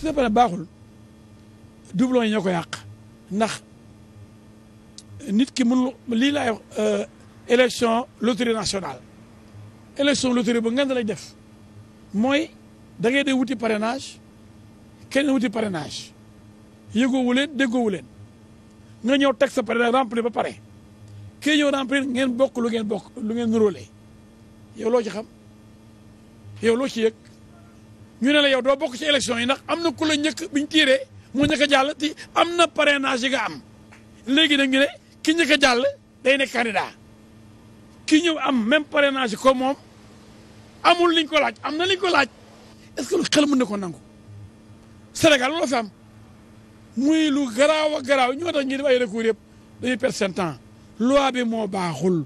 su pare ne baaxul doublon yi ñoo ko yàq ndax nit ki mënul lii laay euh, élection loterie nationale élection loterie bu ngeen lay def mooy da ngay de wuti parrainage kenn wuti parrainage yëgoowu leen déggoowu leen nga ñëw teg sa parrainage remplir ba pare kii ñëw remplir ngeen bokk lu ngeen bokk lu ngeen niroole yow loo ci xam yow loo ci yëg ñu ne la yow doo bokk ci élection yi nax am na ku la njëkk bi ñu tiiree mu njëkk a jàll ti am na parrainage yi nga am léegi nag ñu ne ki njëkk jàll day nekk candidat ki ñëw am même parrainage ko moom amul liñ ko laaj am na liñ ko laaj est que lu xel mën na ko nangu Sénégal loolu fi am muy lu garaaw a garaaw ñoo tax ñi def ay recours yëpp dañuy perdre seen temps loi bi moo baaxul